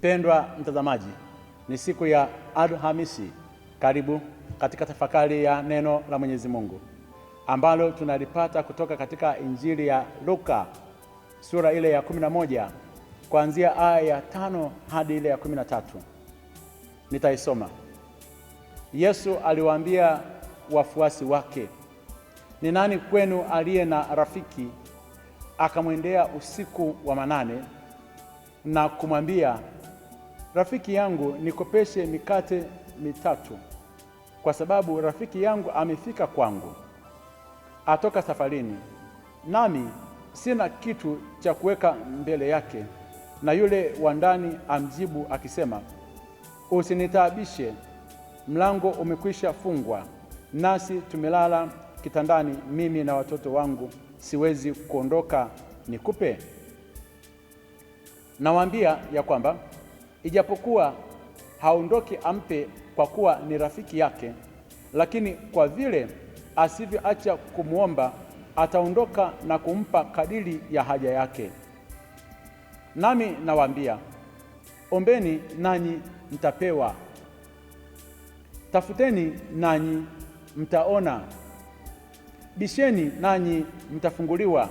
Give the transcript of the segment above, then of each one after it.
Mpendwa mtazamaji, ni siku ya Alhamisi. Karibu katika tafakari ya neno la Mwenyezi Mungu ambalo tunalipata kutoka katika Injili ya Luka sura ile ya moja kuanzia aya ya tano hadi ile ya tatu Nitaisoma. Yesu aliwaambia wafuasi wake, ni nani kwenu aliye na rafiki akamwendea usiku wa manane na kumwambia rafiki yangu nikopeshe mikate mitatu, kwa sababu rafiki yangu amefika kwangu, atoka safarini, nami sina kitu cha kuweka mbele yake. Na yule wa ndani amjibu akisema, usinitaabishe, mlango umekwisha fungwa, nasi tumelala kitandani, mimi na watoto wangu, siwezi kuondoka nikupe. Nawaambia ya kwamba Ijapokuwa haondoki ampe kwa kuwa ni rafiki yake, lakini kwa vile asivyoacha kumwomba, ataondoka na kumpa kadiri ya haja yake. Nami nawaambia, ombeni nanyi mtapewa, tafuteni nanyi mtaona, bisheni nanyi mtafunguliwa.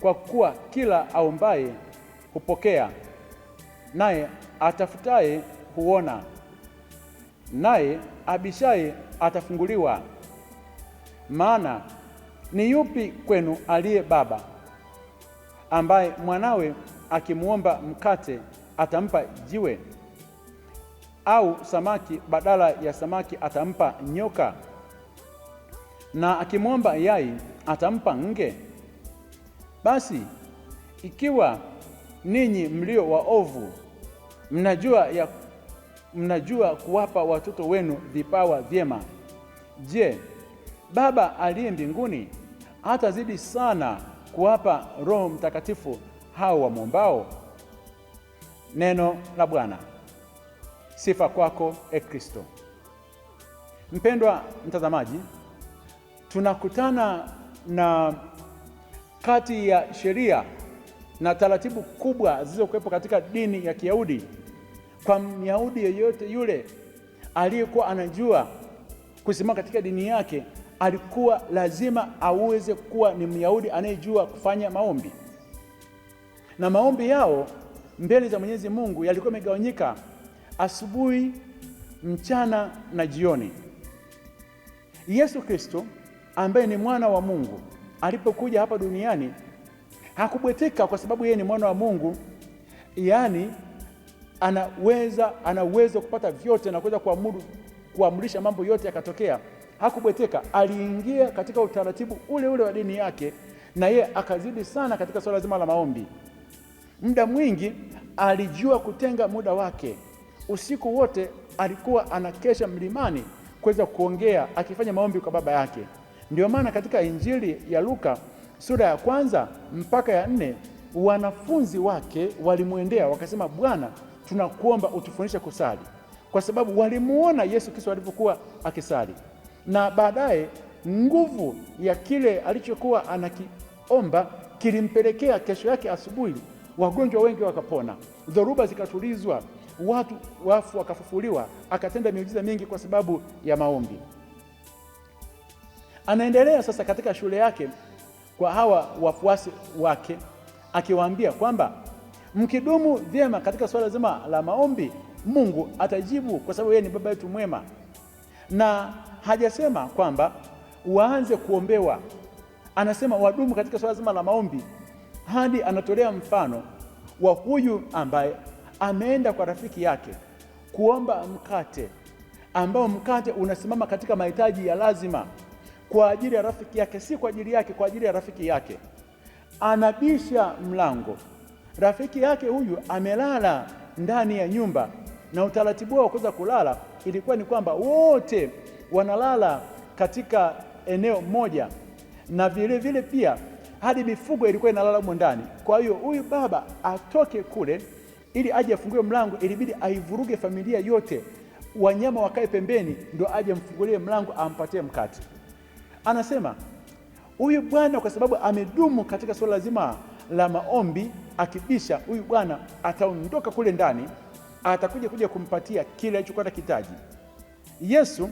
Kwa kuwa kila aombaye hupokea naye atafutaye huona, naye abishaye atafunguliwa. Maana ni yupi kwenu aliye baba ambaye mwanawe akimwomba mkate atampa jiwe? Au samaki badala ya samaki atampa nyoka? Na akimwomba yai atampa nge? Basi ikiwa ninyi mlio waovu mnajua, ya, mnajua kuwapa watoto wenu vipawa vyema. Je, Baba aliye mbinguni hatazidi sana kuwapa Roho Mtakatifu hao wamwombao? Neno la Bwana. Sifa kwako e Kristo. Mpendwa mtazamaji, tunakutana na kati ya sheria na taratibu kubwa zilizokuwepo katika dini ya Kiyahudi. Kwa Myahudi yeyote yule aliyekuwa anajua kusimama katika dini yake, alikuwa lazima aweze kuwa ni Myahudi anayejua kufanya maombi, na maombi yao mbele za Mwenyezi Mungu yalikuwa yamegawanyika asubuhi, mchana na jioni. Yesu Kristo ambaye ni mwana wa Mungu alipokuja hapa duniani Hakubweteka kwa sababu yeye ni mwana wa Mungu, yaani anaweza ana uwezo kupata vyote na kuweza kuamuru kuamrisha mambo yote yakatokea. Hakubweteka, aliingia katika utaratibu ule ule wa dini yake, na yeye akazidi sana katika swala zima la maombi. Muda mwingi alijua kutenga muda wake, usiku wote alikuwa anakesha mlimani kuweza kuongea akifanya maombi kwa Baba yake. Ndio maana katika Injili ya Luka sura ya kwanza mpaka ya nne wanafunzi wake walimwendea wakasema, Bwana, tunakuomba utufundishe kusali, kwa sababu walimuona Yesu Kristo alivyokuwa akisali, na baadaye nguvu ya kile alichokuwa anakiomba kilimpelekea kesho yake asubuhi wagonjwa wengi wakapona, dhoruba zikatulizwa, watu wafu wakafufuliwa, akatenda miujiza mingi kwa sababu ya maombi. Anaendelea sasa katika shule yake kwa hawa wafuasi wake akiwaambia kwamba mkidumu vyema katika suala zima la maombi, Mungu atajibu, kwa sababu yeye ni baba yetu mwema. Na hajasema kwamba waanze kuombewa, anasema wadumu katika swala zima la maombi, hadi anatolea mfano wa huyu ambaye ameenda kwa rafiki yake kuomba mkate ambao mkate unasimama katika mahitaji ya lazima kwa ajili ya rafiki yake, si kwa ajili yake, kwa ajili ya rafiki yake. Anabisha mlango, rafiki yake huyu amelala ndani ya nyumba, na utaratibu wao kuweza kulala ilikuwa ni kwamba wote wanalala katika eneo moja, na vile vile pia hadi mifugo ilikuwa inalala humo ndani. Kwa hiyo huyu baba atoke kule ili aje afungue mlango, ilibidi aivuruge familia yote, wanyama wakae pembeni, ndo aje amfungulie mlango ampatie mkate. Anasema huyu bwana kwa sababu amedumu katika suala zima la maombi, akibisha huyu bwana ataondoka kule ndani, atakuja kuja kumpatia kile alichokuwa kitaji Yesu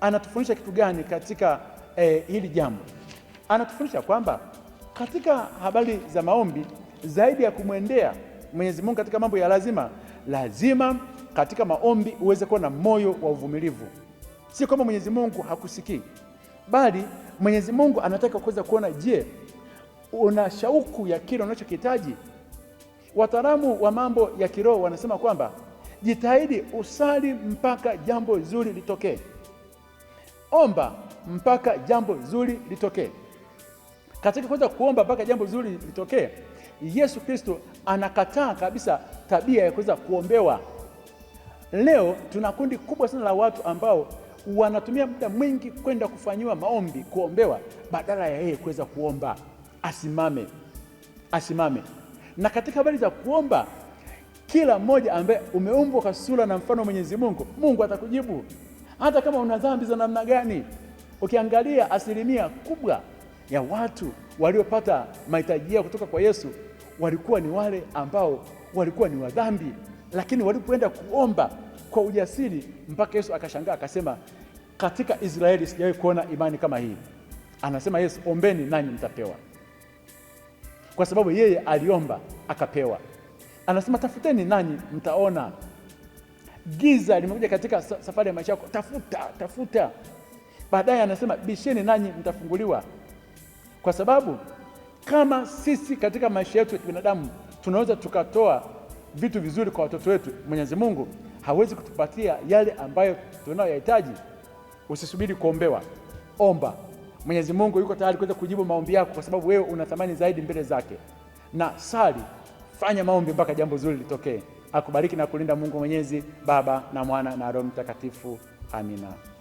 anatufundisha kitu gani katika eh, hili jambo? Anatufundisha kwamba katika habari za maombi, zaidi ya kumwendea Mwenyezi Mungu katika mambo ya lazima, lazima katika maombi uweze kuwa na moyo wa uvumilivu. Si kwamba Mwenyezi Mungu hakusikii bali Mwenyezi Mungu anataka kuweza kuona, je, una shauku ya kile unachokihitaji? Wataalamu wa mambo ya kiroho wanasema kwamba jitahidi usali mpaka jambo zuri litokee, omba mpaka jambo zuri litokee. Katika kuweza kuomba mpaka jambo zuri litokee, Yesu Kristo anakataa kabisa tabia ya kuweza kuombewa. Leo tuna kundi kubwa sana la watu ambao wanatumia muda mwingi kwenda kufanyiwa maombi, kuombewa, badala ya yeye kuweza kuomba asimame, asimame. Na katika habari za kuomba, kila mmoja ambaye umeumbwa kwa sura na mfano wa Mwenyezi Mungu, Mungu atakujibu hata kama una dhambi za namna gani. Ukiangalia asilimia kubwa ya watu waliopata mahitaji yao kutoka kwa Yesu walikuwa ni wale ambao walikuwa ni wadhambi, lakini walipoenda kuomba kwa ujasiri mpaka Yesu akashangaa akasema, katika Israeli sijawahi kuona imani kama hii. Anasema Yesu, ombeni nanyi mtapewa, kwa sababu yeye aliomba akapewa. Anasema tafuteni nanyi mtaona. Giza limekuja katika safari ya maisha yako, tafuta tafuta. Baadaye anasema bisheni nanyi mtafunguliwa, kwa sababu kama sisi katika maisha yetu ya kibinadamu tunaweza tukatoa vitu vizuri kwa watoto wetu, Mwenyezi Mungu hawezi kutupatia yale ambayo tunayoyahitaji, usisubiri kuombewa, omba. Mwenyezi Mungu yuko tayari kuweza kujibu maombi yako, kwa sababu wewe una thamani zaidi mbele zake. Na sali, fanya maombi mpaka jambo zuri litokee. Akubariki na kulinda Mungu Mwenyezi, Baba na Mwana na Roho Mtakatifu. Amina.